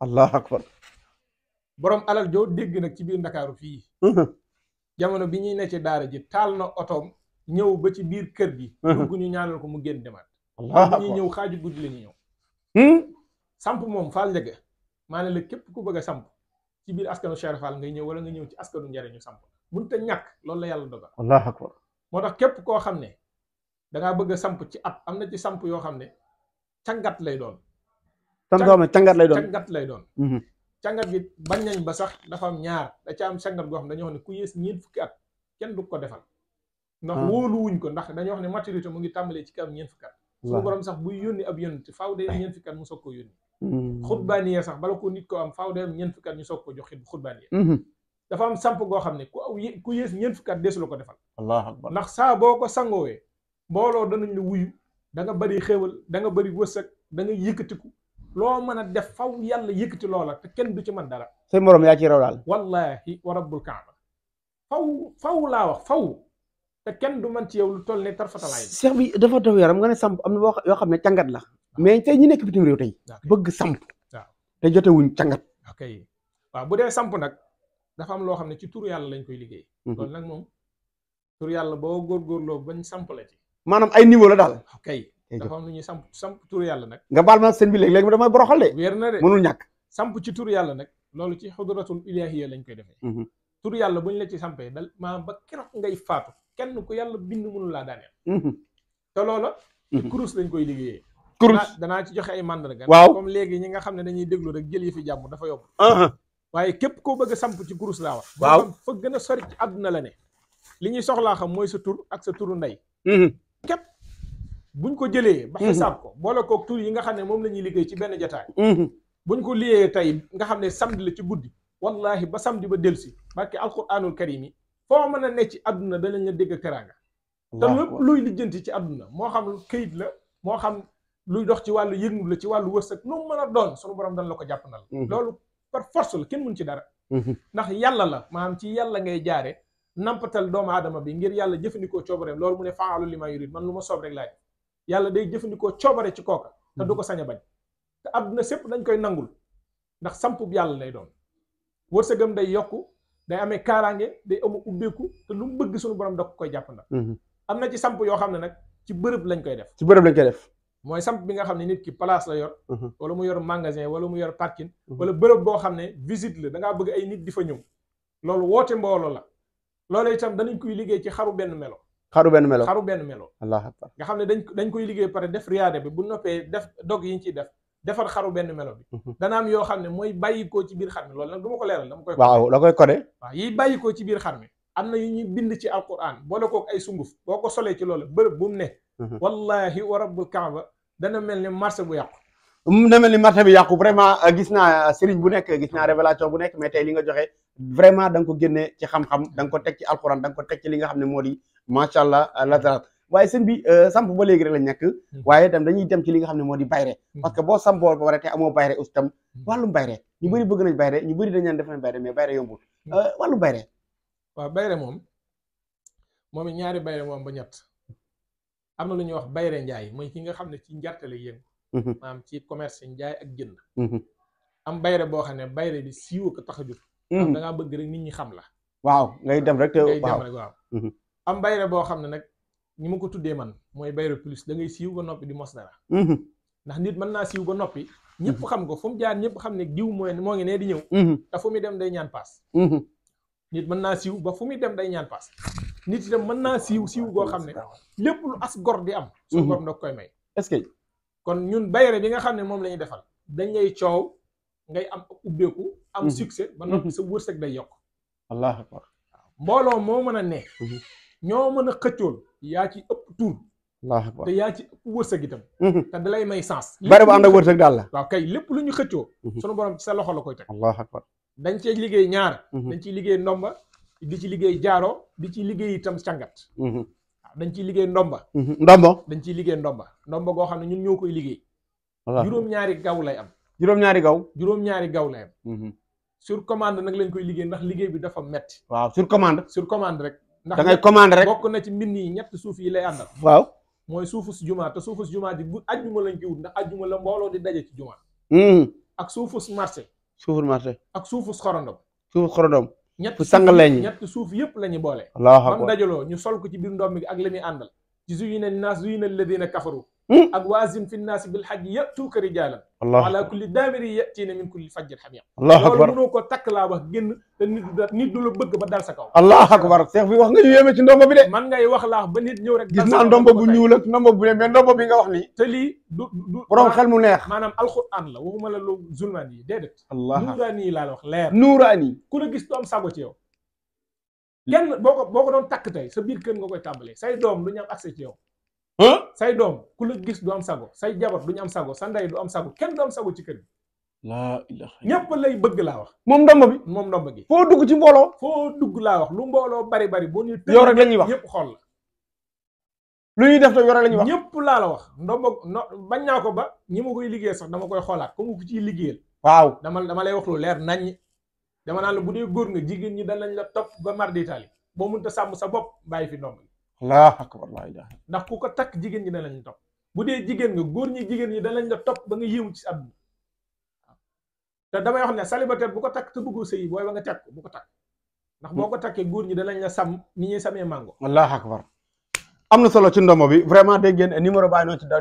allah akbar borom alal joo dégg nag ci biir ndakaaru fii jamono bi ñuy nekkee ci daara ji taal na otoom ñëw ba ci biir kër gi dugg ñu ñaanal ko mu génn demaat allah ñëw xaaju guddi la ñuy moom faal maa ne la képp ku bëgg a samp ci biir askanu Cheikh Fall ngay ñëw wala nga ñëw ci askanu njariñu samp mënut a loolu la yàlla dogal allah akbar moo tax képp koo xam ne dangaa bëgg a samp ci at am na ci samp yoo xam ne cangat lay doon tam soo amee càngat lay doon càngat lay doon mhm. càngat gi bañ nañ ba sax dafa am ñaar da ca am càngat goo xam dañoo wax ne ku yées fukki at kenn du ko defal ndax ah. wóoluwuñ ko ndax dañoo wax ne maturité mu ngi tàmbalee ci kaw ñeent fukki sax buy yónni ab yónni faaw day am ñeent fukki at mu soog ko yónni mhm. xutbaaniya sax bala ko nit ko am faaw day ñeent fukki at ñu soog ko jox xit xutbaaniya mhm. dafa am samp goo xam ne ku aw ku yées ñeent fukki at deesu ko defal allah ndax saa boo ko sangoowee mbooloo danañ la wuyu da nga bëri xéewal da nga bëri wërsëg da nga yëkkatiku loo mën a def faw yàlla yëkkati loola te kenn du ci mën dara. say morom yaa ci raw daal. wallaahi wa rabbul kaaba faw faw laa wax faw te kenn du mën ci yow lu toll ne tarfatalaay. seex bi dafa daw ne samp am na yoo xam ne càngat la. mais tey ñi nekk bitim réew tey. bëgg samp. te jotewuñ càngat. ok waaw bu dee samp nag dafa am loo xam ne ci turu yàlla lañ koy liggéey. Mhm. loolu nag moom turu yàlla boo góorgóorloo bañ samp la ci. maanaam ay niveau la daal. ok dafa am lu ñuy samp samp tur yàlla nag nga baal ma seen bi léeg-léeg ma damay boroxal de wér na de mënul ñàkk samp ci tur yàlla nag loolu ci xudratul ilahiyya lañ koy defee mm-hmm. tur yàlla bu ñu la ci sampee dal maanaam ba keroog ngay faatu kenn ku yàlla bind mënu laa daaneel mm-hmm. te loola ci mm-hmm. kurus lañ koy liggéeyee kurus danaa ci joxe ay mandarga waaw comme léegi ñi nga xam ne dañuy déglu rek jël yi fi jàmm dafa yomb uh-huh. waaye képp koo bëgg a samp ci kurus laa wax waaw foo gën a sori ci la ne li ñuy soxlaa xam mooy sa tur ak sa turu ndey bu ñu ko jëlee. ba mhm. xisaab ko boole koog tur yi nga xam ne moom la ñuy liggéey ci benn jataay. Mhm. buñ ko liyee tey nga xam ne samedi la ci guddi. wallahi ba samedi ba dellusi barke alquranul karim yi foo mën a ne ci àdduna danañ la dégg teraanga. te lépp luy lijjanti ci àdduna moo xam këyit la moo xam lu dox ci wàllu yëngu la ci wàllu wërsëg nu mu mën a doon sunu borom dañ la ko jàpp na la. loolu par force la kenn mun ci dara. Mhm. ndax yàlla la maanaam ci yàlla ngay jaare nampatal doomu aadama bi ngir yàlla jëfandikoo coobareem loolu mu ne faalu li ma yurid man lu rek laaj yàlla day jëfandikoo coobare ci kooka te du ko sañ a bañ te àdduna sépp dañ koy nangul ndax sampub yàlla lay doon wërsëgam day yokk day amee kaaraange day amu ubbeeku te lu mu bëgg suñu borom da ko koy jàpp ndax mhm. am na ci samp yoo xam ne nag ci bërëb lañ koy def ci bërëb lañ koy def mooy samp bi nga xam ne nit ki place la yor mhm. wala mu yor magasin wala mu yor parking mhm. wala bërëb boo xam ne visite la da bëgg ay nit di fa ñëw loolu woote mbooloo la loolu itam danañ koy liggéey ci xaru benn melo xaru benn melo xaru benn melo. allah akbar nga xam ne dañ dañ koy liggéey pare def riyaada bi bu noppee def dog yi ñu ciy xaru benn melo bi. Mhm. dana yoo xam ne mooy bàyyikoo ci biir xar mi loolu nag du ma ko leeral dama koy. waaw la koy codé. waaw yiy bàyyikoo biir xar mi am na yu ñuy bind ci alquran boole kook sunguf boo ko solee ci loolu bërëb bu mu ne. Mhm. wallahi wa rabbul kaaba dana mel ni marché bu yàqu. Mm, na mel ni marché bi yàqu vraiment euh, gis naa euh, sëriñ bu nekk gis naa révélation bu nekk mais tey li nga joxe vraiment da ko génne ci xam-xam da nga ko teg ci alquran da nga ko teg ci li nga xam ne moo di macha allah la dara waaye seen bi euh, samp ba léegi rek la ñàkk hmm. waaye itam dañuy dem ci li nga xam ne moo di bayre hmm. parce que boo sampoo ba pare te amoo bayre aussi itam hmm. wàllum bayre ñu bëri bëgg nañ bayre ñu bëri dañ naan def nañ bayre mais bayre yombul euh, wàllum bayre waaw moom moom ñaari bayre moom ba ñett am na lu ñuy wax bayre njaay mooy ki nga xam ne ci njarte la yëngu maanaam ci commerce njaay ak jënd am bayre boo xam ne bayre bi siiwoo ko tax a bëgg rek nit ñi xam la waaw ngay dem rek te waaw rek waaw am bayre boo xam ne nag ñi ma ko tuddee man mooy bayre plus da ngay siiw ba noppi di mos dara mhm. ndax nit man naa siiw ba noppi ñëpp mhm. xam ko fu mu jaar ñëpp xam ne diw mooy moo ngi nee di ñëw mhm. fu muy dem day ñaan paas nit mën naa siiw ba fu muy dem day ñaan paas nit itam mën naa siiw siiw goo xam ne lépp lu as gor di am su gor ndox koy may est que kon ñun bayre bi nga xam ne moom la ñuy defal dañ lay coow ngay am ubbeeku am succès ba noppi sa wërsëg day yokk allah akbar mbooloo moo mën a ne ñoo mën a xëccoon yaa ci ëpp tuur te yaa ci ëpp wërsëg itam mhm. te da lay may sens bari bu ànd ak wërsëg daal la waaw kay lépp lu ñu xëccoo mhm. sunu borom ci sa loxo la koy teg allahu akbar dañ cee liggéey ñaar mhm. dañ ciy liggéey ndomba di ci liggéey jaaro di ci liggéey itam càngat waaw dañ ciy liggéey ndomba ndomba dañ ciy liggéey ndomba ndomba goo xam ne ñun ñoo koy liggéey juróom-ñaari gaw lay am juróom-ñaari gaw juróom-ñaari gaw lay am sur commande nag lañ koy liggéey ndax liggéey bi dafa metti waaw sur commande sur commande rek da ngay commande rek bokk na ci mbind yi ñett suuf yi lay àndal. waaw mooy suufu si jumaa te suufu si jumaa ji bu ajjuma lañ ci wut ndax ajjuma la mbooloo di daje ci jumaa. Hmm. ak suufu si marché. suufu marché ak suufu si xorondom. suufu xorondom. ñett sang lañ ñett suuf yëpp la ñu boole. allahu akbar dajaloo ñu sol ko ci biir ndoom mi ak la muy àndal. ci zuyina linnaas zuyina lladina kafaru Hmm? ak waasim fi nnaasi bil xajji yatuuka rijaalan wa ala kulli daamiri yatiina min kulli fajjin xamiim allahu akbar loolu mënoo takk laa wax génn te du la bëgg ba dal sa kaw allahu akbar seex bi wax nga ñu yéeme ci ndombo bi de man ngay wax laax ba nit ñëw rek gis naa ndombo bu ñuul ak ndombo bu ne bi nga wax nii te lii du du borom xel mu neex maanaam alquran la waxuma la loolu zulmaan yi déedéet allah nuuraan yi laa la wax leer nuuraan yi ku la gis du am ci yow kenn boo ko boo doon takk tey sa biir kër nga koy tàmbalee say doom du ñu am accès ci yow say doom ku la gis du am sago say jabar duñu am sago sa ndey du am sago kenn du am sago ci kër gi laa ñëpp lay bëgg laa wax. moom ndomba bi moom ndomba gi. foo dugg ci mbooloo. foo dugg laa wax lu mbooloo bari bari boo ñuy. yow rek ñuy wax ñëpp xool la. lu ñuy def te yore la ñuy wax. ñëpp laa la wax ndomba no bañ naa ko ba ñi ma koy liggéey sax dama koy xoolaat comme ku ciy liggéeyal. waaw dama dama lay wax lu leer nañ dama naan la bu dee góor nga jigéen ñi dañ nañ la topp ba mar di taali boo mënut a sàmm sa bopp bàyyi fi ndomba. allahu akbar laa ilaha ndax ku ko takk jigéen ñi danañ topp bu dee jigéen nga góor ñi jigéen ñi danañ la topp ba nga yéemu ci àdduna te damay wax ne célibataire bu ko takk te bëggoo sëy booy ba nga takk bu ko takk ndax boo ko takkee góor ñi danañ la sam ni ñuy samee mango allahu akbar am na solo ci ndomo bi vraiment dégg ngeen numéro bàyyi noonu ci daw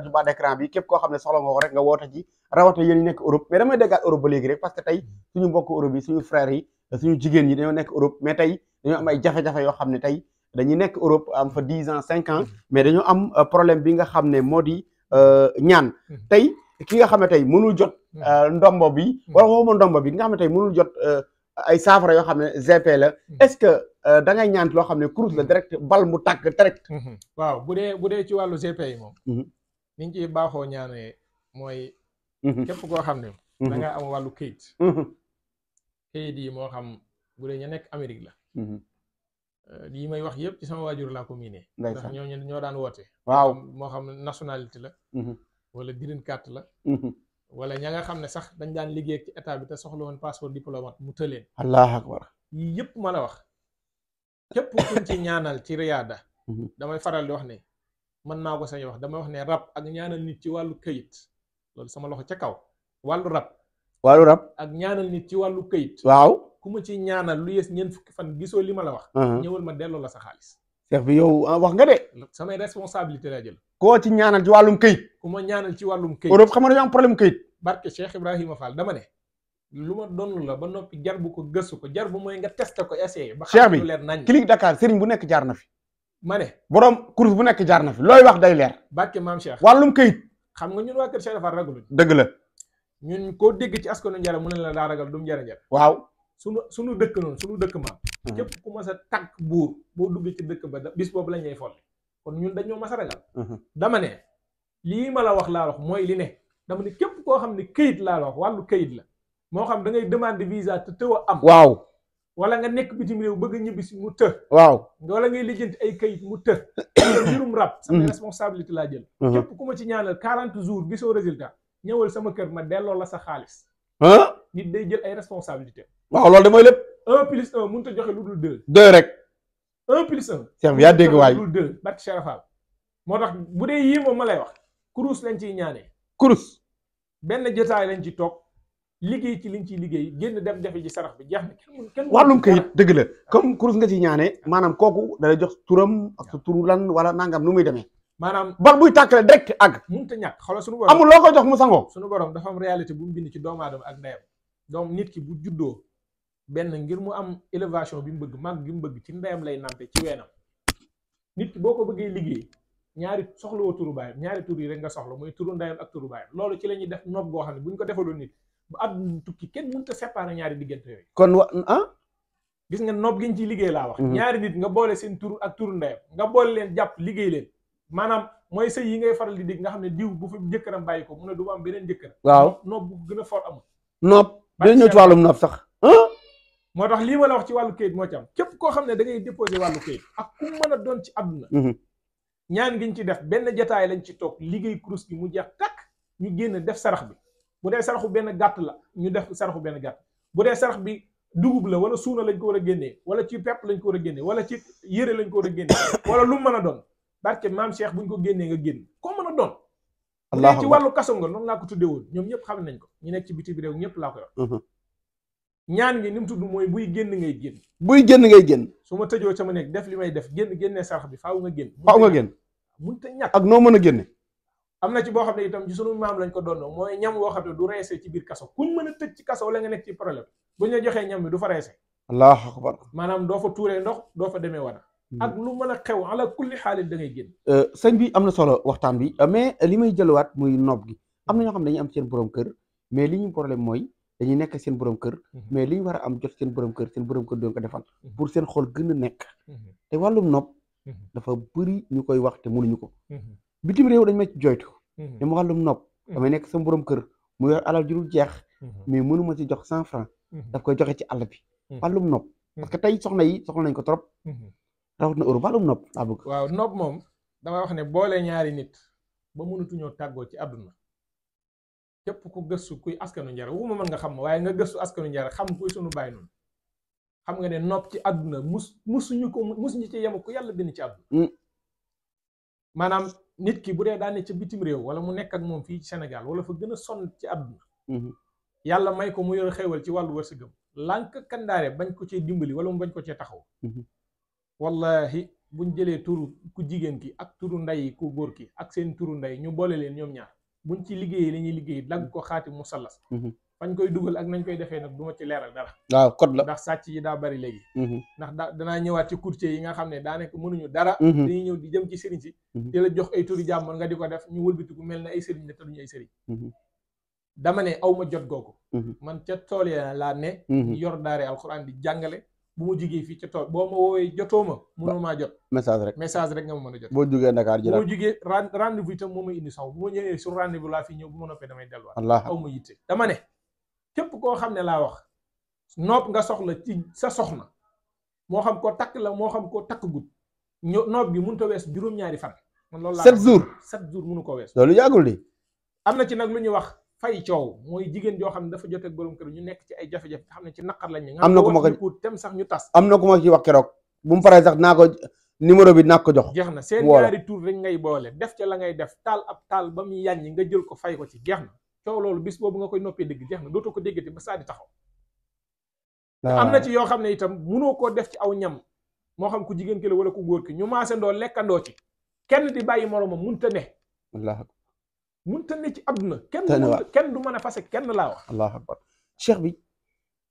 bi képp koo xam ne solo nga ko rek nga woote ci rawata yéen ñi nekk Europe mais damay déggaat Europe ba léegi que tey suñu mbokk suñu frères suñu jigéen ñi dañoo nekk Europe mais tey ay jafe-jafe yoo xam ne tey dañuy nekk Europe am fa dix ans cinq ans mhm. mais dañoo am euh, problème bi nga xam ne moo di euh, ñaan mhm. tey ki nga xam ne tey mënul jot mhm. euh, ndombo bi wala waxuma ndombo bi ki nga xam ne tey mënul jot ay saafara yoo xam ne GP la est-ce que da ngay ñaan loo xam ne kurus la direct bal mu tàkk direct waaw bu dee bu dee ci wàllu GP yi moom ni ci baaxoo ñaanee mooy képp koo xam ne da nga am wàllu kayit kayit yi moo xam bu dee ñu nekk Amérique la Euh, lii may wax yëpp ci sama waajur laa ko miinee. ndax ñooñu ñoo daan woote. waaw moo xam nationalité la. Mm-hmm. wala green card la. Mm-hmm. wala ña nga xam ne sax dañ daan liggéey ci état bi te soxla woon passeport diplomate mu tëleen. allah akbar yii yëpp ma la wax. képp kuñ ci ñaanal ci riyaada. Mm-hmm. damay faral di wax ne mën naa ko sañ wax damay wax ne rab ak ñaanal nit ci wàllu kayit loolu sama loxo ca kaw wàllu rab. wàllu rab ak ñaanal nit ci wàllu kayit waaw. ku ma ci ñaanal lu yées ñeent fukki fan gisoo li ma la wax. Uh-huh. ñëwal ma delloo la sa xaalis. chef bi yow ah, wax nga de. samay responsabilité laa jël. koo ci ñaanal ci wàllum këyit. ku ma ñaanal ci wàllum këyit. Europe xam nga dañoo am problème këyit. barke Cheikh Ibrahima Fall dama ne. lu ma doon ba noppi jar bu ko gëstu ko jar bu mooy nga testé ko ba xam lu leer nañ Cheikh bi bu nekk jaar na fi. ma borom course bu nekk jaar na fi looy wax day leer. barke maam Cheikh wàllum këyit. xam nga ñun waa Kër Cheikh Fall dëgg la. ñun koo dégg ci askanu njara mu ne la daa ragal du mu njara waaw sunu sunu dëkk noonu sunu dëkk maam képp ku mas a tàkk buur boo duggee ci dëkk ba bis boobu lañ lay folli kon ñun dañoo ñoo mas a ragal dama ne lii ma la wax laa wax mooy li ne dama ne képp koo xam ne këyit laa la wax wàllu këyit la moo xam dangay demande visa te tëw a am waaw wala nga nekk bitim réew bëgg ñibbi si mu të waaw wala ngay lijjanti ay këyit mu të jurum rab sama responsabilité laa jël képp ku ma ci ñaanal quarante jours gisoo résultat ñëwal sama kër ma delloo la sa xaalis nit day jël ay responsabilité waaw loolu de lépp. 1 plus 1 mënut a joxe lu dul 2. 2 rek. 1 plus 1. Cheikh yaa dégg lu dul 2 barke Cheikh Fall moo tax bu dee yii moom ma lay wax. kurus lañ ciy ñaanee. kurus. benn jotaay lañ ci toog liggéey ci liñ ciy liggéey génn dem defe ci sarax bi jeex na kenn kenn kayit dëgg la comme kurus nga ciy ñaanee maanaam kooku dalay jox turam ak sa turu lan wala nangam nu muy demee. maanaam bal buy tàkkale direct ak. mënut a ñàkk xoolal suñu borom amul loo ko jox mu sangoo. suñu borom dafa am réalité bu mu bind ci doomu aadama ak ndeyam donc nit ki bu juddoo benn ngir mu am élévation bi mu bëgg màgg bi mu bëgg ci ndeyam lay nampe ci weenam nit ki boo ko bëggee liggéey ñaari soxla woo turu baayam ñaari tur yi rek nga soxla mooy turu ndeyam ak turu baayam loolu ci la ñuy def nopp goo xam ne bu ñu ko defaloon nit bu at kenn mënut a séparer ñaari diggante kon wa ah? gis nga nopp gi ciy liggéey laa wax. Mhm. ñaari nit nga boole seen tur ak nga boole leen jàpp liggéey leen maanaam mooy sëy yi ngay faral di dig nga xam ne diw bu fi jëkkëram bàyyi ko mu a du ma am beneen jëkkër. waaw nopp bu gën a fort amul. nopp dina ñëw ci nopp sax ah? moo tax lii ma la wax ci wàllu kayit moo ci am képp koo xam ne da ngay déposé wàllu kayit ak ku mën a doon ci àdduna mm-hmm. ñaan giñ ci def benn jataay lañ ci toog liggéey kurus gi mu jeex takk ñu génn def sarax bi bu dee saraxu benn gàtt la ñu def saraxu benn gàtt bu dee sarax bi dugub la wala suuna lañ ko war a génnee wala ci pepp lañ ko war a génnee wala ci yére lañ ko war a génnee wala lu mën a doon barke maam Cheikh buñ ko génnee nga génn koo mën a doon bu dee ci wàllu kaso nga noonu laa ko tuddee ñoom ñëpp xam nañ ko ñu nekk ci biti bi ñëpp laa ko yor mm-hmm. ñaan gi ni mu tudd mooy buy génn ngay génn. buy génn ngay génn. su ma tëjoo ca ma def li may def génn génnee sarax bi faaw nga génn. faaw nga génn mënut a ñàkk ak noo mën a génne. am na ci boo xam ne itam ci sunu maam lañ ko doonoo mooy ñam woo xam ne du reese ci biir kaso kuñ mën a tëj ci kaso wala nga nekk ci problème bu ñu la joxee ñam bi du fa reese. allahu akbar maanaam doo fa tuuree ndox doo fa demee wana. Hmm. ak lu mën a xew ala kulli xaalis da ngay génn. Euh, sëñ bi am na solo waxtaan bi euh, mais li may jëluwaat muy nopp gi am na ñoo xam ne dañuy am seen borom kër mais li ñu problème mooy dañuy nekk seen borom kër mhm. mais li ñu war a am jot seen borom kër seen borom kër doon ko defal mhm. pour seen xool gën a nekk mhm. te wàllum nopp dafa bëri ñu koy wax te mënuñu ko bitim réew dañ ma ci joytu dama nopp damay nekk sama borom kër mu yor alal jurul jeex mais mënuma ci jox cent franc daf koy joxe ci àll bi wàllum nopp parce que tey soxna yi soxla nañ ko trop na Europe wàllum nopp laa bëgg waaw nopp moom damay wax ne boole ñaari nit ba mënatuñoo tàggoo ci àdduna képp ku gëstu kuy askanu njare waxuma mën nga xam ma waaye nga gëstu askanu njare xam kuy sunu bàyyi noonu xam nga ne nopp ci àdduna mus musuñu ko musuñu ci yem ku yàlla bind ci àdduna mm. maanaam nit ki bu dee daane ci bitim réew wala mu nekk ak moom fii ci Sénégal wala fa gën a sonn ci àdduna mm-hmm. yàlla may ko mu yor xéewal ci wàllu wërsëgam lànk kandaare bañ ko cee dimbali wala mu bañ ko cee taxaw mm-hmm. wallahi buñ jëlee turu ku jigéen ki ak turu ndey ku góor ki ak seen turu ndey ñu boole leen ñoom ñaar bu buñ ci liggéeyee li ñuy liggéey dagg ko xaati musallas mhm. fañ koy dugal ak nañ koy defee nag du ci leeral dara waaw code la ndax sàcc yi daa bari léegi mhm. ndax da danaa ñëwaat ci courtier yi nga xam ne daa nekk mënuñu dara mhm. dañuy ñëw di jëm ci sëriñ si di la jox ay turi jàmm nga di ko def ñu wëlbitiku mel na ay sëriñ ne te duñu ay sëriñ dama ne awma jot googu man ca tool ya laa ne yor daare alxuraan di jàngale boo ma jugee fii ca tool boo ma woowee jotoo ma mënoo maa jot message rek message rek nga ma mën a jot boo jugee Dakar ji boo jugee rendez-vous itam moo may indi saw bu ma fi ñëw bu ma noppee damay delluwaat aw ma yitte dama ne képp koo xam ne laa wax nopp nga soxla ci sa soxna moo xam ko takk la moo xam ko takk gut ño nopp bi mënut a wees juróom-ñaari fan man loolu laa sept jours sept jours ko wees loolu yàggul de am na ci nag lu ñuy wax fay coow mooy jigéen joo xam ne dafa joteeg borom kër ñu nekk ci ay jafe-jafe xam ne ci naqar lañ ñu am na ku ma ko tem sax ñu tas am na ku ma ci wax keroog mu paree sax naa ko numéro bi naa ko jox jeex na seen ñaari tur rek ngay boole def ca la ngay def taal taal ba muy yàññi nga jël ko fay ko ci jeex na coow loolu bis nga koy noppee dégg jeex na dootoo ko déggati ba saa di na ci yoo xam ne itam munoo koo def ci aw ñam moo xam ku jigéen ki la wala ku góor ki ñu maasandoo lekkandoo ci kenn di bàyyi moromam munta ne mënta ne ci àdduna. kenn kenn du mën fase kenn laa wax. allahu akbar cheikh bi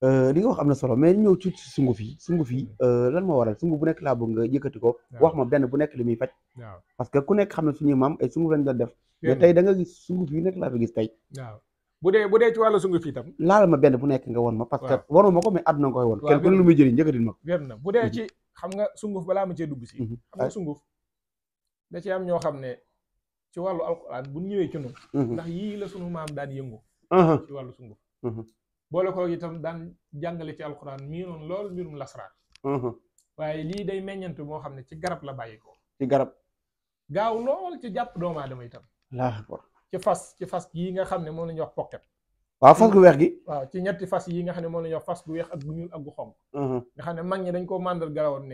euh, li wax am na solo mais ñëw ci sunguf yi sunguf yi lan moo waral sunguf bu nekk laa bëgg nga yëkkati ko. wax ma benn bu nekk li muy faj. parce que ku nekk xam ne suñuy maam ay sunguf lañ doon def. mais tey nga gis sunguf yi nekk laa fi gis tey. bu dee bu dee ci wàllu sunguf yi tam. laal ma benn bu nekk nga won ma. parce que waroon ma ko mais àdduna nga koy won. kenn lu ma ko. wér na bu dee mhm. ci xam nga sunguf balaa ma cee dugg si. Mhm. xam nga sunguf da ci am ñoo xam ne ci wàllu alxuraan bu ñëwee ci ñun. Mhm. ndax yii la sunu maam daan yëngu. Mhm. ci wàllu sunguf. Mhm. boole ko itam daan jàngale ci alxuraan mii noonu lool mbirum lasraar. waaye lii day meññante moo xam ne ci garab la bàyyi ko. ci garab. gaaw lool ci jàpp doomu aadama itam. ci fas ci fas yii nga xam ne moom la ñuy wax waa waaw fas gu weex gi. waaw ci ñetti fas yi nga xam ne moom la ñuy wax fas gu weex ak gu ñuul ak gu xonq. nga xam ne mag ñi dañ koo mànda garawoon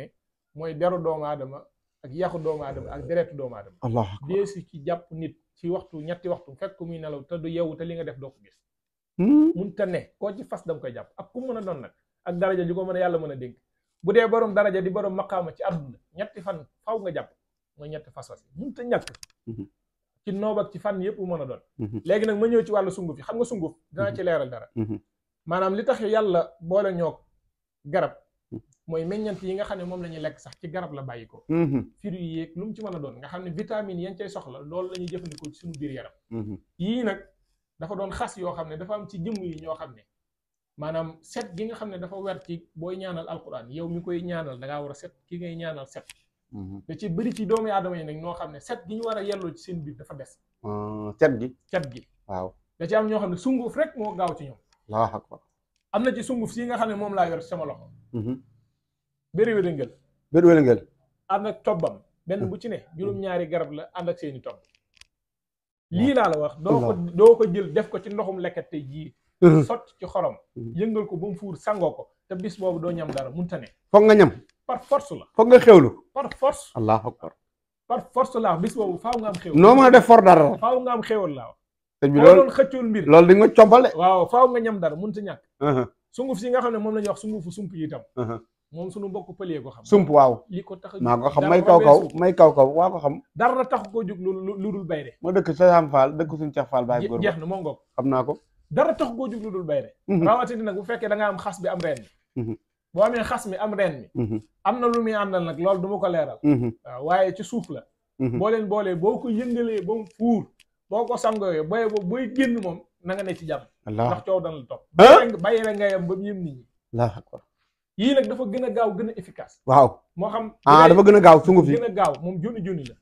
mooy deru doomu aadama ak yaxu doomu aadama ak deretu doomu aadama allah deesu ci jàpp nit ci waxtu ñetti waxtu fekk muy nelaw te du yeewu te li nga def doo ko gis hmm? mun te ne koo ci fas dam koy jàpp ak ku mën a doon nag ak daraja ju ko mën a yàlla mën a dénk bu dee borom daraja di borom maqaama ci àdduna ñetti fan faw nga jàpp mooy ñetti fas fas mun te ñàkk hmm. ci noob ak ci fan yëpp mu mën a doon hmm. léegi nag moo ñëw ci wàllu sunguf yi xam nga sunguf dinaa ci leeral dara maanaam li tax yàlla boole ñoo garab mooy meññant yi nga xam ne moom la ñuy lekk sax ci garab la bàyyi ko mm-hmm. fruits yi yeeg lu mu ci mën a doon nga xam ne vitamines yañ cay soxla loolu la ñuy jëfandikoo ci suñu biir yaram mm-hmm. yii nag dafa doon xas yoo xam ne dafa am ci jëmm yi ñoo xam ne maanaam set gi nga xam ne dafa wer ci booy ñaanal alquran yow mi koy ñaanal da war a set ki ngay ñaanal set mm-hmm. ci bëri ci doomu aadama yi nag ñoo xam ne set gi ñu war a yelloo ci seen biir dafa des ah, cet gi cet gi waaw da ci am ñoo xam ne sunguf rek moo gaaw ci ñoom am na ci sunguf si nga xam ne moom laa yor sama loxo bëri wélingal bëri wélingal ànd ak tobbam benn bu ci ne juróom-ñaari garab la ànd ak seeni tobb lii laa la wax doo ko doo ko jël def ko ci ndoxum lekkat te jii sotti ci xorom yëngal ko ba fuur sangoo ko te bis boobu doo ñam dara munta ne foog nga ñam par force la foog nga xewlu par force allahu akbar par force la bis boobu faaw nga noo mën def for dara faaw nga am xewal laa sëñ bi loolu xëccoon mbir loolu di nga compale waaw faaw nga ñam dara munta ñàkk sunguf si nga xam ne moom na ñuy wax sungufu sump yi moom suñu mbokk pëlee ko xam sump waaw li maa ko xam may kaw kaw kaw kaw waa ko xam dara tax koo jug lu lu dul bayre ma dëkk Saam Fall dëkk suñu Cheikh Fall baay góor jeex na moo xam naa ko dara tax koo jóg lu dul bayre mhm. bu fekkee da nga am xas bi am reen mi mhm. boo amee xas mi mhm. na lu muy àndal nag loolu du ma ko leeral waaw waaye ci suuf la boo leen boolee boo ko yëngalee ba mu fuur boo ko sangoyee boye boobu booy génn moom na nga ne ci jàmm ndax coow dana la topp ah! bayre nga yam ba mu yëm nit yii nag dafa gën a gaaw gën a efficace. waaw moo xam. ah dafa gën a gaaw sunguf yi gën a gaaw moom junni junni la.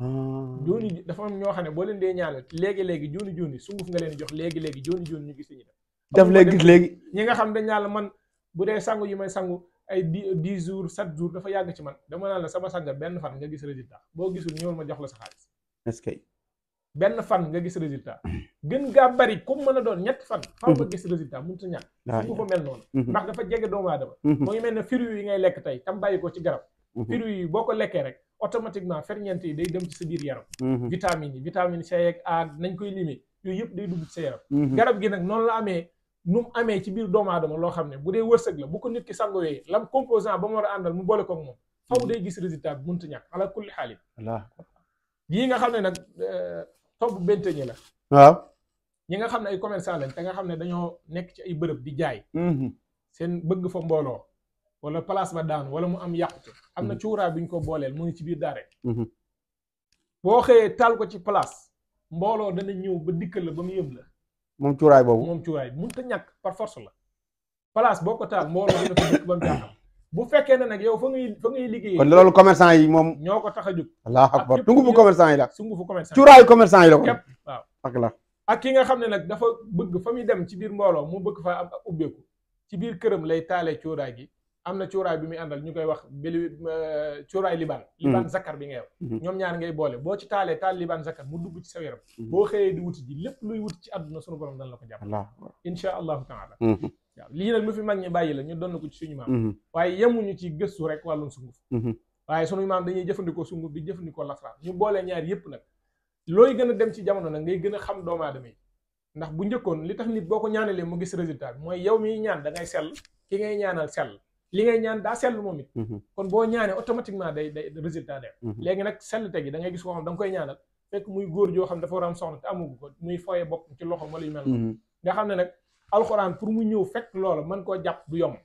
Ah. junni dafa am ñoo xam ne boo leen dee ñaanal léegi léegi junni junni sunguf nga leen jox léegi léegi junni junni ñu gis def. daf léegi léegi. ñi nga xam dañ la man bu dee sangu yi may sangu ay dix jours sept jours dafa yàgg ci man dama naan sama sanga benn fan nga gis résultat boo gisul ñëwal ma jox la sa xaalis. est-ce benn fan nga gis résultat gën ngaa bari ku mën a doon ñetti fan mhm. faw nga gis résultat mënut a ñàkk ah, su ko mhm. ndax dafa jege doomu aadama mhm. moo yi ngay lekk tey tam bàyyi ko ci garab boo ko lekkee rek automatiquement ferñeent yi day dem sa biir yaram vitamines yi vitamine C ak A nañ koy yëpp day gi nag noonu la amee amee ci biir doomu aadama loo xam ne bu dee wërsëg la bu ko nit ki sangoyee lam composant ba mu war a àndal boole ko moom faw day gis résultat bi mënut a ñàkk ala kulli nga xam ne nag euh, togg benteñi la. waaw ñi nga xam ne ay commerçant lañ te nga xam ne dañoo nekk ci ay bërëb di jaay. Mm-hmm. seen bëgg fa mbooloo. wala place ba daan wala mu am yàqute am na mm-hmm. cuuraay bu ñu ko booleel mu ngi ci biir daare mm-hmm. boo xëyee taal ko ci place mbooloo dana ñëw ba dikkal la ba mu yëm la. moom cuuraay boobu moom cuuraay mënut a ñàkk par force la. place boo ko taal mbooloo dina ko dëkk ba mu jaaxal. bu fekkee ne nag yow fa ngay fa ngay liggéey kon loolu commerçant yi moom ñoo ko tax a jóg allahu akbar sungufu commerçant yi la sungufu commerçant cuuraayu commerçant yi la ko képp waaw ak la ki nga xam ne nag dafa bëgg fa muy dem ci biir mbooloo mu bëgg fa am ubbeeku ci biir këram lay taalee cuuraay gi am na cuuraay bi muy àndal ñu koy wax bili cuuraay libaan hmm. libaan zakkar bi ngay wax hmm. ñoom ñaar ngay boole boo ci taalee taal libaan zakkar mu dugg ci sa yaram hmm. boo xëyee di wuti ji lépp luy wuti ci àdduna sunu borom dan la ko jàpp insha allahu taala waaw lii nag lu fi mag ñi bàyyi la ñu donn ko ci suñu maam mhm. waaye yemuñu ci gëstu rek wàllum sunguf mhm. waaye suñu maam dañuy jëfandikoo sunguf di jëfandikoo lasraar ñu boolee ñaar yépp nag looy gën a dem ci jamono nag ngay gën a xam doomu aadama yi ndax bu njëkkoon li tax nit boo ko ñaanalee mu gis résultat bi mooy yow miy ñaan da ngay sell ki ngay ñaanal sell li ngay ñaan daa sell moom it mhm. kon boo ñaanee automatiquement day day résultat dem léegi nag sell tegi da ngay gis koo xam da nga koy ñaanal joo xam dafa war am soxna te amugu ko muy alxuraan pour mu ñëw fekk loola man koo jàpp du yomb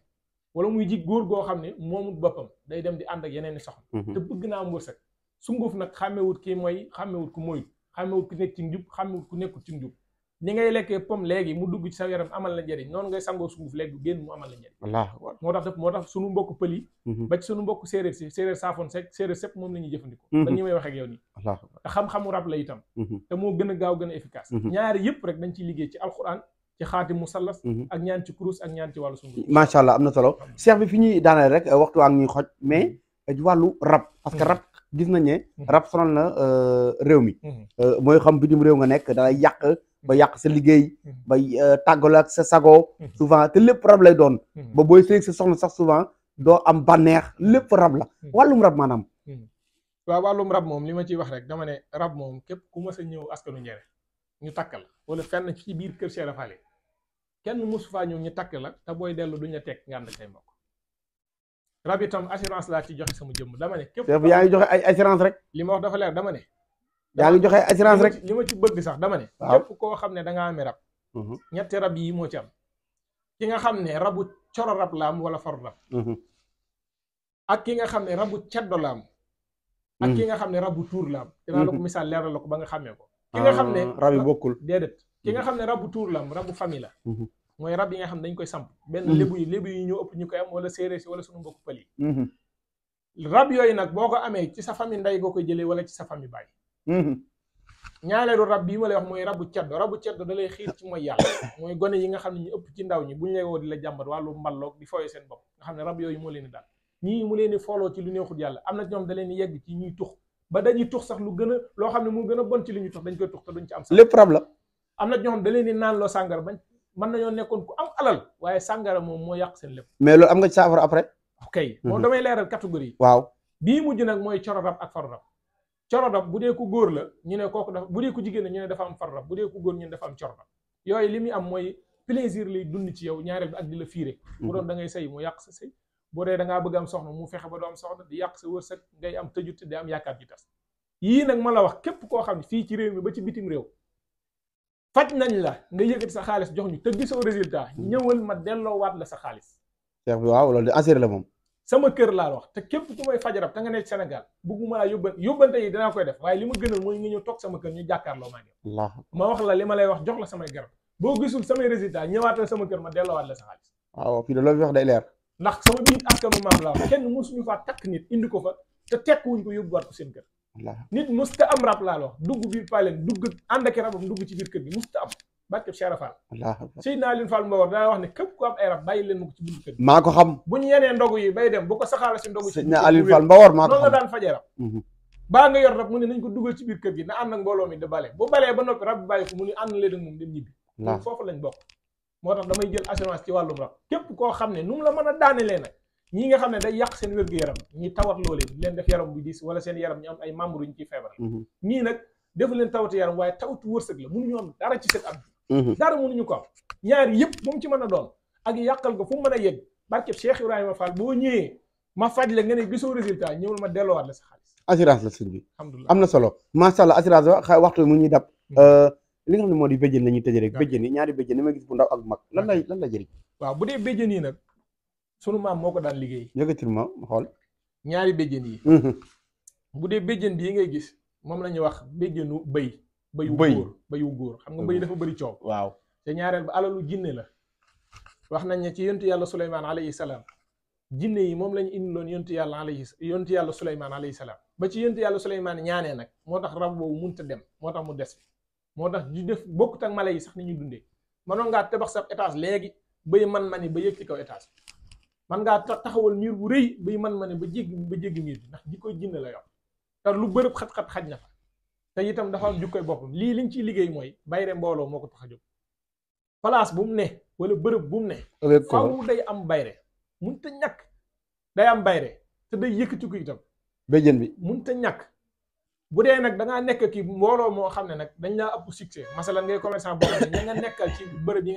wala muy ji góor goo xam ne moomut boppam day dem di ànd ak yeneen i soxna mhm. te bëgg naa am wërsëg sunguf nag xàmmewut kii mooy xàmmewut ku moyut xàmmewut ku nekk ci njub xàmmewut ku nekkul ci njub ni ngay lekkee pom léegi mu dugg ci sa yaram amal la njëriñ noonu ngay sangoo sunguf léegi du génn mu amal la njëriñ wallaahi moo tax def sunu mbokk pël yi mhm. ba ci sunu mbokk séeréer si séeréer saafoon sek séeréer sëpp moom la ñuy jëfandikoo mhm. ba ñu may wax ak yow xam-xamu rab la itam te moo gën a gaaw gën a efficace ñaari yëpp rek dañ ciy liggéey ci alxuraan ci xaati musallas mhm. ak ñaan ci kurus ak ñaan wàllu sungu macha allah am na solo cheikh bi fi ñuy daaneel rek eh, waxtu waa ñuy xoj mais eh, wàllu rab parce que mhm. rab gis nañ ne mhm. rab sonal na eh, réew mi mooy xam bitim réew nga nekk dalay yàq ba yàq sa liggéey ba tàggal sa sago souvent te lépp rab lay doon ba booy sëy sa soxna sax souvent doo am bànneex lépp rab la wàllum rab maanaam waaw wàllum rab moom li ma ciy wax rek dama ne rab moom képp ku mas a ñëw askanu njere ñu takkal wala fenn ci biir kër Cheikh Rafal kenn musu faa ñëw ñu takk la te booy dellu duñu la teg nga ànd ak say mbokk rab tam assurance laa ci joxe sama jëmm dama ne. képp yaa ngi joxe ay assurance rek. li ma wax dafa leer dama ne. yaa ngi joxe assurance rek li ma ci bëgg sax dama ne. képp koo xam ne danga ngaa amee rab. Mhm. ñetti rab yi moo ci am. ki nga xam ne rabu coro rab la am wala faru rab. Mhm. ak ki nga xam ne rabu ceddo la am. ak mhm. ki nga xam ne rabu tuur la am. dinaa la ko misaal leeral la ko ba nga xamee ko. ki nga ah, xam ne rab bokkul ci nga mhm. xam ne rabu tuur la am rabu famille la mhm. mooy rab yi nga xam ne dañ koy samp mhm. benn lébu yi lébu yi ñoo am wala séeréer wala suñu mbokku pël yi rab yooyu nag boo ko amee ci sa famille nday goo koy jëlee wala ci sa famille baay ñaareelu rab bii ma lay rabu ceddo rabu ceddo da lay xiir ci mooy yàlla mooy gone yi nga xam ne ñu ëpp ci ndaw ñi buñ lay woo la jàmbat wàllu mballoog di fooye seen bopp nga xam ne rab yooyu moo leen di leen di fooloo ci lu neexul na leen di ci ñuy tux ba dañuy tux lu gën a loo xam ne mu gën a bon ci li ñuy dañ koy tux te ci am sax lépp rab la am na ñoom da di naan loo sàngara bañ mën nañoo nekkoon ku am alal waaye sàngara moom mooy yàq seen lépp. mais loolu am nga ci saafara après. ok mhm. moom damay leeral catégorie. waaw bii mujj nag mooy cororab ak farorab. cororab bu dee ku góor la ñu ne kooku dafa bu dee ku jigéen la ñu ne dafa am farorab bu dee ku góor ñu ne am cororab yooyu li muy am mooy plaisir lay dund ci yow ñaareel bi ak di la fiire. bu doon mhm. da ngay sëy mu yàq sa sëy boo dee danga ngaa bëgg am soxna mu fexe ba doo am soxna di yàq sa wërsëg ngay am tëjut di am yaakaar ji tas yii nag ma la wax képp koo xam fii ci réew mi ba ci bitim réew faj nañ la nga yëkkati sa xaalis jox ñu te gisoo résultat ñëwal ma delloowaat la sa xaalis. waaw loolu de assuré la moom. sama kër laa wax te képp ku may faj rab te nga nekk Sénégal bëgguma laa yóbbante yóbbante yi dinaa koy def waaye li ma gënal mooy nga ñëw toog sama kër ñu jàkkaarloo maa wax la li ma lay wax jox la samay garab boo gisul samay résultat ñëwaatal sama kër ma delloowaat sa xaalis. waaw fii de loolu wax day leer. ndax sama biir askanu maam laa wax kenn mësuñu faa takk nit indi ko fa te wuñ ko yóbbuwaat ko seen kër nit musta am rab laa la wax dugg biir palen dugg ànd ak rabam dugg ci biir kër gi musta am barke Cheikh Fall Seydina Alioune Fall Mbawar daa wax ne képp ku am ay rab bàyyi leen mu ko ci biir kër gi maa ko xam bu ñu yenee ndogu yi bay dem bu ko saxaara si ndogu Seydina Alioune Fall Mbawar maa ko xam noonu la mhm. nga yor rab mu ne nañ ko dugal ci biir kër gi na ànd ak mbooloo mi di bale bu balee ba noppi rab bi ko mu ne ànd leen ak dem ñibbi foofu lañ bokk moo tax damay jël assurance ci wàllum rab képp koo xam ne nu la mën a daanelee nag ñi nga xam ne day yàq seen wér-gu-yaram ñi tawat loolee leen def yaram bu diis wala seen yaram ñu am ay membre ñu ci feebar mm-hmm. ñii nag mm-hmm. ko ñaar yëpp bu mu ci mën a doon ak yàqal ko fu mu a yegg barkeb Cheikh Ibrahima Fall boo ñëwee ma faj la nga ne gisoo résultat ma delloowaat la sa xaalis assurance la sëñ bi am na solo macha allah mu ñuy dab mm-hmm. euh, moo di béjjén la ñuy tëjee rek ñaari béjjén yi ma gis bu lan la jëriñ waaw bu dee béjjén yi nag sunu maam moo ko daan liggéey. yëkkatil ma xool. ñaari béjjén yi. Mm-hmm. bu dee bi yi ngay gis moom la ñuy wax béjjénu bëy. bëy wu góor bëy yu góor xam nga bëy dafa bëri coow. waaw te ñaareel ba alalu jinne la. wax nañ ne ci yontu yàlla Souleymane alayhi salaam jinne yi moom lañ indiloon yontu yàlla alayhi yontu yàlla Souleymane alayhi salaam ba ci yontu yàlla Souleymane ñaanee nag moo tax rab boobu mun a dem moo tax mu des moo tax di def bokk ak mala yi sax ni ñu dundee mënoon ngaa tabax sa étage léegi bëy man-man yi ba yëg ci kaw étage man ngaa taxawal miir bu rëy bay man ma ne ba jéggi ba jéggi miir bi ndax jikkoy jinne la yor te lu bërëb xat-xat xaj na fa te itam dafa am jukkoy boppam lii liñ ciy liggéey mooy bayre mbooloo moo ko tax a jóg place bu mu ne wala bërëb bu mu ne faaw day am bayre mun te ñakk day am bayre te day yëkkati ko itam béjjën bi mun te ñakk bu dee nag da ngaa nekk kii mbooloo moo xam ne nag dañ laa ëpp succès masalan ngay commerçant boo xam ne ña nga nekkal ci bërëb yi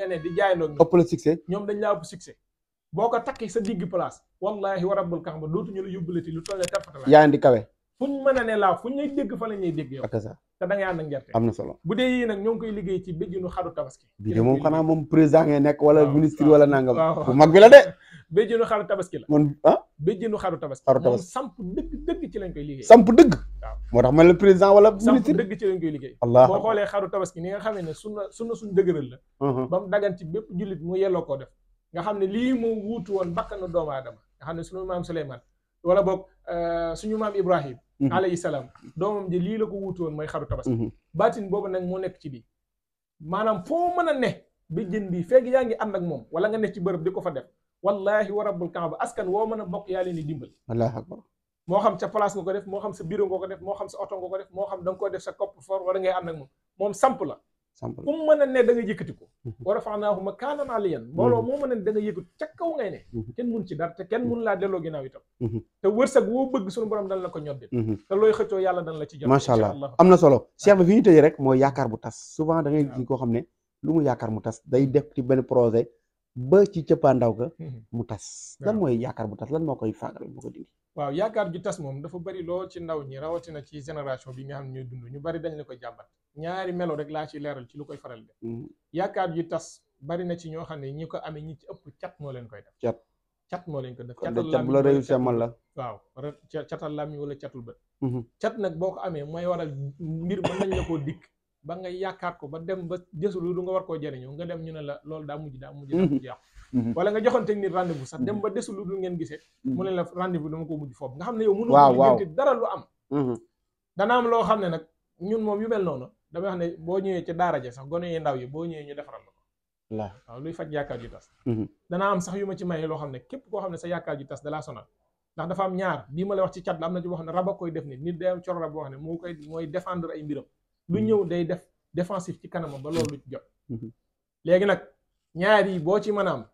ñoom dañ laa ëpp succès boo ko takkee sa digg place wallahi wa rabbul kaxba dootuñu la yóbbulati lu toll tarfatala yaa indi kawe fuñ mën a ne laa fa la ñuy dégg yow ak sa a da ngay ànd ak njarte am na solo bu dee yii nag ñoo ngi koy liggéey ci béjjinu xaru tabaski bi moom xanaa moom président ngay nekk wala ministre wala nangam bu mag bi la de béjjinu xaru tabaski la moon ah béjjinu xaru tabaski xaru samp dëgg dëgg ci lañ koy liggéey samp dëgg waaw moo tax man la président wala ministre dëgg ci lañ koy liggéey allah boo xoolee xaru tabaski ni nga xamee ne sunna sunna suñ dëgëral la uh-huh. ba mu dagan ci bépp jullit mu koo def nga xam ne lii moo wuutu woon bakkanu doomu aadama nga xam ne suñu maam Souleymane wala boog euh, suñu maam Ibrahim mhm. alayhi salaam doomam ji lii la ko wuutu woon mooy xaru tabaski mhm. baatin boobu nag moo nekk ci bii maanaam foo mën a ne ba jën bii feeg yaa ngi ànd ak moom wala nga nekk ci di ko fa def wa rabbul kaaba askan a bokk yaa leen di dimbal allahu akbar moo xam ca place nga ko def moo xam sa bureau nga ko def moo xam sa oto nga ko def moo xam da ko def sa coffre-fort a ngay ànd ak moom moom samp la sampal ku mu mën a ne da nga yëkkati ko. Mhm. wa rafa'naahu makaanan aliyyan. mbooloo mhm. moo mën a ne da nga yëkkati ca ngay ne. Mhm. kenn mun ci dara kenn mun laa delloo ginnaaw itam. te wërsëg woo bëgg suñu borom dana la ko ñoddil. te looy xëccoo yàlla dana la ci jot. macha allah am na solo Cheikh bi fi ñu tëjee rek mooy yaakaar bu tas souvent da ngay gis xam ne lu mu yaakaar mu tas day def benn projet ba ci cëppaandaw ga mu tas lan mooy yaakaar bu tas lan moo koy faagal moo ko dindi waaw yaakaar ju tas moom dafa bari lool ci ndaw ñi rawatina ci génération bi nga xam ne ñuy dund ñu bari dañ la ko jàmbat ñaari melo rek laa ci leeral ci lu koy faral de mm. yaakaar ju tas bari na ci ñoo xam ne ñi ko amee ñi ci ëpp cat moo leen koy def cat moo leen koy def catal lam la réew semal la waaw catal lam wala catul bët mm-hmm. cat nag boo ko amee mooy waral mbir mën nañ la koo dikk ba nga yaakaar ko ba dem ba jësul du nga war koo jëriñoo nga dem ñu ne la loolu daa mujj daa mujj daa mm-hmm. mujj yàqu Mhm. wala nga joxanteeg nit rendez-vous sax dem mhm. ba desul lu ngeen gisee mhm. mu ne la rendez dama ko mujj foofu nga xam ne yow mënu ngeen dara lu am loo xam ne nag ñun moom yu mel noonu damay wax ne boo ñëwee ca daara ja sax gone yi ndaw yi boo ñëwee ñu defaral la ko waaw luy faj yaakaar ju tas danaa am sax yu ma ci maye loo xam ne képp koo xam ne sa yaakaar ju tas dalaa sonal ndax dafa am ñaar bii ma wax ci cat na ci boo ne rab a koy def nit nit boo xam ne mooy défendre ay mbiram lu ñëw day def défensif ci kanamam ba loolu jot léegi nag ñaar yi boo ci mën a am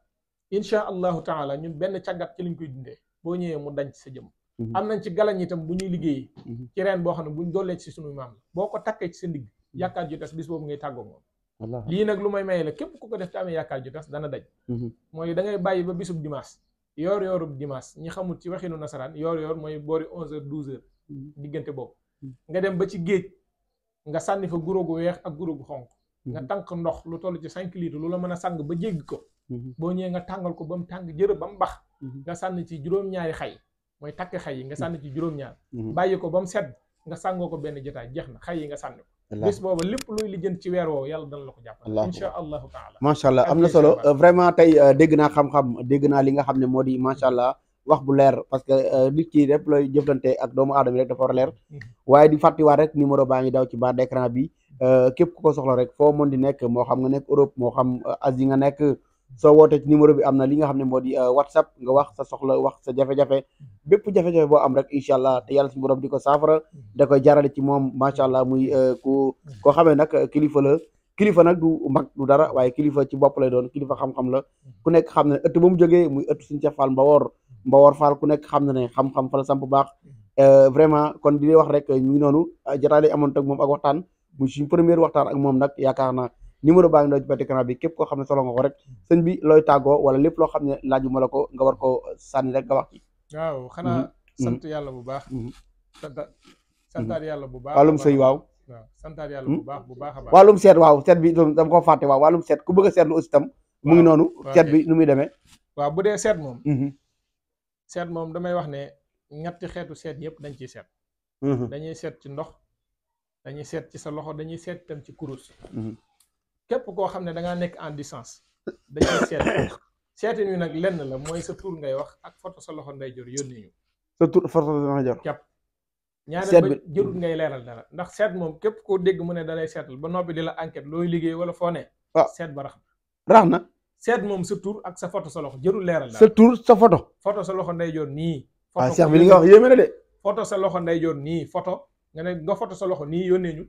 incha allahu taala ñun benn càggat ci lañ koy dundee boo ñëwee mu dañ ci sa jëm mhm. am nañ ci galañ itam bu ñuy liggéey mhm. ci reen boo xam ne bu buñ doolee ci suñu maam la boo ko takkee ci sa ndigg mhm. yaakaar ju tas bis boobu ngay tàggoo moom lii nag lu may mayee la képp ku ko def te amee yaakaar ju tas dana daj mooy da ngay bàyyi ba bisub dimanche yoor yoorub dimanche ñi xamul ci waxinu nasaraan yoor yoor mooy boori onze heures douze heures diggante boobu nga dem ba ci géej nga sànni fa guro gu weex ak guro gu xonq nga tànk ndox lu toll ci cinq litres lu la mën a sàng ba jéggi ko Mhm. boo ñëwee nga tàngal ko ba mu tàng jërë ba mu bax mhm. nga sànn ci juróom-ñaari xay mooy takk xay yi nga sànn ci juróom-ñaar mhm. bàyyi ko ba mu sedd nga sàngoo ko benn jotaay jeex na xay yi nga sànni ko bis booba lépp luy lijjën ci weer woowu yàlla dana la ko jàppal insha allahu taala macha allah am na solo vraiment tey euh, dégg naa xam-xam dégg naa li nga xam ne moo di macha allah wax bu leer parce que euh, nit ki rek looy jëflante ak doomu aadama rek dafa war leer waaye di fàttiwaat rek numéro baa ngi daw ci barre d'écran bi euh, képp ku ko soxla rek foo mën di nekk moo xam nga nekk Europe moo xam Asie nga nekk soo wootee ci numéro bi am na li nga xam ne moo di euh, whatsapp nga wax sa soxla wax sa jafe-jafe mm-hmm. bépp jafe-jafe boo am rek incha allah te yàlla suñu borom di ko saafara mm-hmm. da koy jaarale ci moom macha allah muy euh, ko mm-hmm. koo xamee nag euh, kilifa la kilifa nag du mag du dara waaye kilifa ci bopp lay doon kilifa xam-xam la ku nekk xam ne ëtt ba mu jógee muy ëtt suñu Cheikh Fall Mbawor Mbawor Fall ku nekk xam na ne xam-xam fa la samp baax vraiment kon di wax rek ñu ngi noonu jotaay lañ amoon tag moom ak waxtaan muy suñu première waxtaan ak moom nag yaakaar naa numéro baa ngi doon ci bati bi képp koo xam ne solo nga ko rek bi looy tàggoo wala loo xam ne laaju ma la ko nga war koo sànni rek nga wax mhm. xanaa mhm. yàlla bu baax santaat yàlla bu baax wàllum sëy waaw waaw yàlla bu baax bu baax a wàllum seet waaw seet bi dama ko fàtte waaw wàllum seet ku bëgg a seetlu aussi tam mu ngi noonu seet bi nu muy demee waaw bu dee seet moom mhm. seet moom damay wax ne ñetti xeetu seet yëpp dañ ciy seet dañuy seet ci ndox dañuy seet ci sa loxo dañuy seet tam ci kurus képp koo xam ne da nekk en distance dañuy seet seeti ñu nag lenn la mooy sa tur ngay wax ak foto sa loxo nday jor yónni sa tur photo sa loxo jor képp ñaareel ba ngay leeral dara ndax seet moom képp koo dégg mu ne dalay seetal ba noppi di la looy liggéey wala foo ah. seet ba rax na seet moom sa tur ak sa photo sa loxo jërul leeral sa tur sa photo photo sa loxo nday nii waaw ah, Cheikh bi li nga wax yéeme na de sa loxo nday jor nii photo nga ne nga photo sa loxo nii yónnee ñu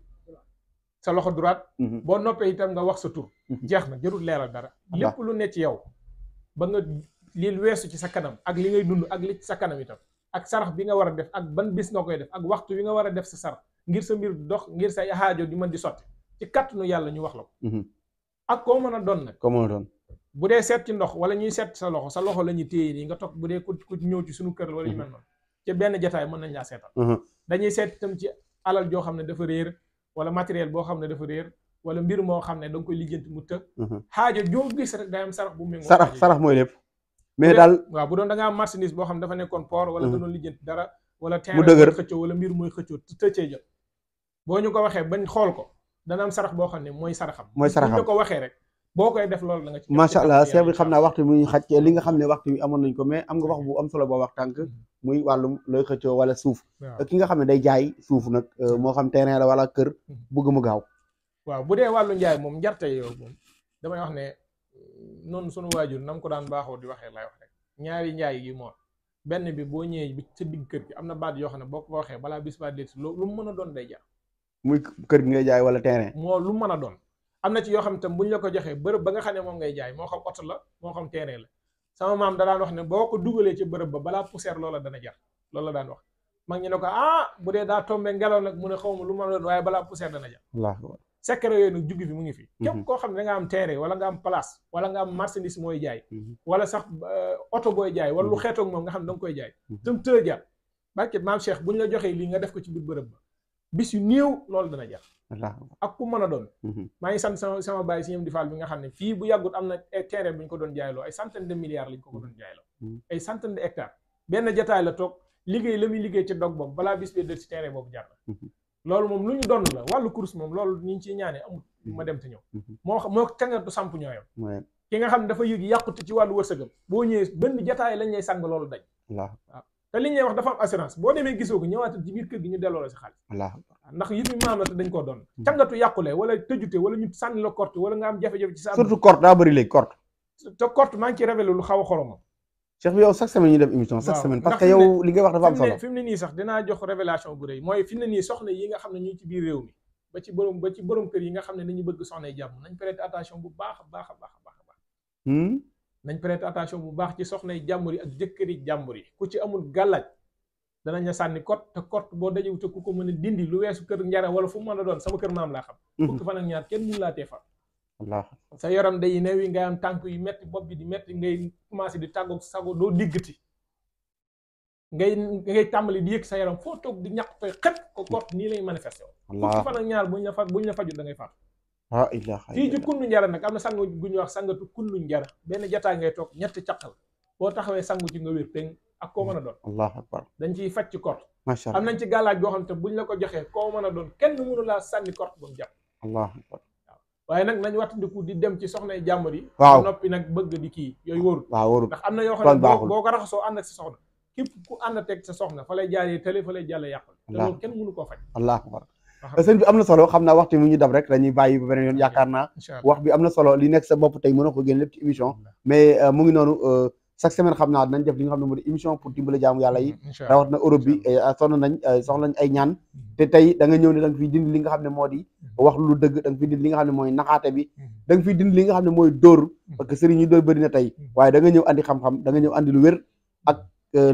sa loxo droite. Mhm. boo noppee itam nga wax sa tur. Mhm. jeex na jarul leeral dara. lépp lu ne ci yow ba nga li weesu ci sa kanam ak li ngay dund ak li ci sa kanam itam ak sarax bi nga war a def ak ban bis nga koy def ak waxtu wi nga war a def sa sarax ngir sa mbir dox ngir sa aajo di mën di sotti ci katt nu yàlla ñu wax la ko. Mhm. ak koo mën a doon nag. koo mën doon. bu dee seet ci ndox wala ñuy seet sa loxo sa loxo la ñuy téye nii nga toog bu dee ku ku ñëw ci suñu kër wala ñu mel noonu. benn jataay mën nañ laa seetal. dañuy seet itam ci alal joo xam ne dafa réer wala matériel boo xam ne dafa réer wala mbir moo xam ne da nga koy lijjanti mu të. Mhm. xaaja joo gis rek day am sarax bu méngoo. mooy lépp. mais daal waaw bu doon da nga am marchandise boo xam ne dafa nekkoon port. wala mhm. da doon lijjanti dara. wala terrain mooy xëccoo wala mbir mooy xëccoo tëccee jot. boo ñu ko waxee bañ xool ko dana am sarax boo xam ne mooy saraxam. mooy saraxam bu ko waxee rek. boo koy def loolu na nga ci macha allah seex bi xam naa waxtu muy xaj li nga xam ne waxtu bi amoon nañ ko mais am nga wax bu am solo boo wax tànk mm-hmm. muy wàllum looy xëccoo wala suuf ki nga xam ne day jaay suuf nag euh, mm-hmm. moo xam terrain la wala kër mm-hmm. bëgg mu gaaw waaw bu dee wàllu njaay moom njarte yow moom damay wax ne noonu sunu waajur nam ko daan baaxoo di waxee lay wax rek ñaari njaay yi moo benn bi boo ñëwee bi ci digg kër bi am na baat yoo xam ne boo ko waxee balaa bis ba déet lu mu mën a doon day jaar muy kër gi ngay jaay wala terrain lu mën doon am na ci yoo xam tam bu ñu la ko joxee bërëb ba nga xam ne moom ngay jaay moo xam oto la moo xam terrain la sama maam da daan wax ne boo ko dugalee ci bërëb ba balaa poussière loola dana jar loola daan wax mag ne ko ah bu dee daa tombé ngelaw nag mu ne xaw ma lu ma doon waaye balaa poussière dana jar secret yooyu nag juggi fi mu ngi fi mhm. képp koo xam ne da am terrain wala nga am place wala nga am marchandise mooy jaay mhm. wala sax euh, oto booy jaay wala lu mhm. xeetoog moom nga xam ne da koy jaay tam tëë jar barke maam Cheikh bu ñu la joxee lii nga def ko ci biir bërëb ba bis yu néew loolu dana jar ak ku mën a doon mhm. maa ngi sant sama sama bàyyi si ñoom di bi nga xam ne fii bu yàggut am na terrain bu ñu ko doon jaayloo ay centaine de milliards lañ ko ko doon jaayloo mhm. Mhm. ay centaine de hectares benn jataay la toog liggéey la muy liggéey ci dog boobu balaa bis bee dër si terrain boobu jar na loolu moom lu ñu doon la wàllu course moom loolu ñu ciy ñaanee amul ma dem te ñëw moo xam moo ka nga du samp ñooyam ki nga xam ne dafa yëg yàqut ci wàllu wërsëgam boo ñëwee benn jataay lañ lay sàng loolu daj waaw te li ñuy wax dafa am assurance boo demee gisoo ko ñëwaatul ci biir kër gi ñu delloo la si xaalis ndax yi mi maam la te dañ koo doon hmm. cangatu yàqule wala tëjute wala ñu sànni la korte wala nga am jafe-jafe surtout korte daa bëri léegi korte te korte maa ci révélé lu xaw a xoromam Cheikh bi yow chaque semaine ñu dem émission chaque semaine parce que yow li nga wax dafa am solo fi ne nii sax dinaa jox révélation bu rëy mooy fi ne nii soxna yi xam ne ñu ci biir réew mi ba ci borom ba ci a baax a a hmm? nañ prêter attention bu baax ci soxnay jàmbur yi ak jëkkëri jàmbur yi ku ci amul gàllaaj dana la sànni kot te kot boo dajewute ku ko mën a dindi lu weesu kër njara wala fu mu mën a doon sama kër maam laa xam mhm. ñaar kenn mënu laa tee fa sa yaram day new yi ngay am tànk yu metti bopp bi di metti ngay commencé di tàggoog sago doo diggati ngay ngay tàmbali di yëg sa yaram foo toog di ñàq koy xet ko kot nii lay manifesté fukki fan ak ñaar buñ la fa buñ la fajul da ngay faatu waaw illaahi fii ci kundu njara nag am na sangu gu ñuy wax sangatu kundu njara benn jataa ngay toog ñetti caqal boo taxawee sangu ci nga wér péng ak koo mën a doon. allahu akbar dañ ciy faj ci kort. macha am nañ ci gàllaaj xam te buñ la ko joxee koo a doon kenn mënu laa sànni kort ba mu jàpp. allahu akbar waaye nag nañ wattandiku di dem ci soxnay jàmbur yi. waaw noppi nag bëgg di kii yooyu wóorul. waaw wóorul ndax am na yoo xam ne boo ko raxasoo ànd ak sa soxna képp ku ànd teg sa soxna fa lay jaaree tële fa lay jàll yàqal. te loolu kenn mënu koo faj. allahu akbar sëñ bi am na solo xam naa waxtu mu ñu dab rek dañuy bàyyi ba beneen yoon yaakaar naa wax bi am na solo li nekk sa bopp tey mën a ko génn lépp ci émission mais euh, mu ngi noonu euh, xam naa dinañ def li nga xam ne moo di émission pour dimbale jaamu na Europe bi euh, sonn nañ soxla ay ñaan mm-hmm. te tey danga ñëw ne da fii fiy dindi li nga xam ne moo di mm-hmm. wax lu dëgg da li nga xam ne mooy naxaate bi mm-hmm. da nga fiy li nga xam ne mooy dóor parce que sëriñ yi na tey waaye da nga ñëw andi xam-xam da nga ñëw andi lu wér ak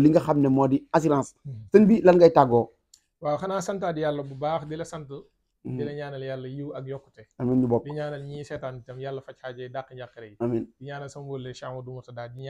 li nga xam ne moo di assurance sëñ bi lan ngay tàggoo waaw xanaa santaat yàlla bu baax di la sant mm. di la ñaanal yàlla yiw ak yokkute amiin ñu bokk di ñaanal ñi seetaan tam yàlla faj xaaje dàq njàqare yi amiin di ñaanal sama wólle Cheikh Amadou Murtada yi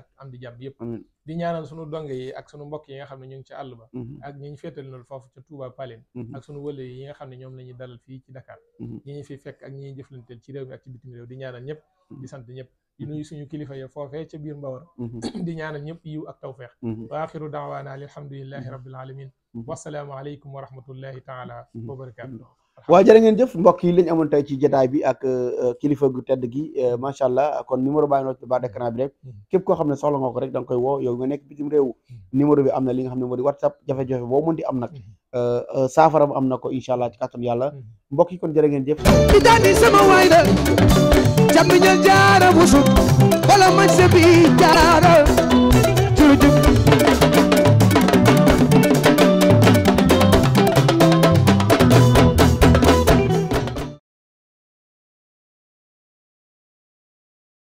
ak am di jàmm yëpp di ñaanal sunu donge yi ak sunu mbokk yi nga xam ne ñu ngi ci àll ba mm-hmm. ak ñi ñu féetal noonu foofu ca Touba Palin mm-hmm. ak yi nga xam ne ñoom la ñuy dalal fii ci Dakar mm-hmm. ñi ñu fi fekk ak ñi ñuy jëflanteel ci réew mi ak ci bitim réew di ñaanal ñëpp di sant ñëpp di nuyu suñu kilifa ya foofee ca biir mbawar mm-hmm. di ñaanal ñëpp yiw ak tawfeex mm-hmm. wa axiru daawaana alhamdulillahi mm-hmm. rabbil alamin wasalaamu aleykum wa rahmatullahi taala wa barakatuh waaw jërë ngeen jëf mbokk yi lañ amoon tey ci jotaay bi ak euh, kilifa gu tedd gi euh, macha allah kon numéro ba ngi ba bi rek képp koo xam ne soxla nga ko rek danga koy woo yow nga nekk bitim réew numéro bi am na li nga xam ne moo di whatsapp jafe-jafe boo mën di am nag euh, saafara bu am na ko incha allah ci kàttan yàlla mbokk yi kon jërë ngeen jëf. di daal sama waay la. camiñal jaara busut wala mañ se bi jaara